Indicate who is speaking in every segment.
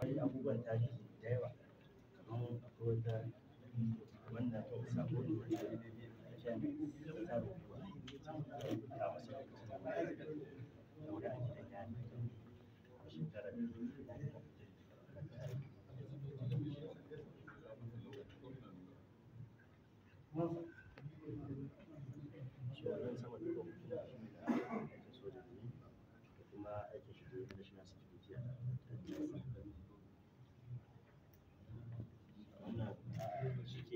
Speaker 1: akwai abubuwan tarihi da yawa kamar akwai wata wanda sabo ne wanda ya bibi a ta rubuwa a rubuta wasu lokacin da wani a gidan ta shekarar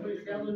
Speaker 1: Obrigado,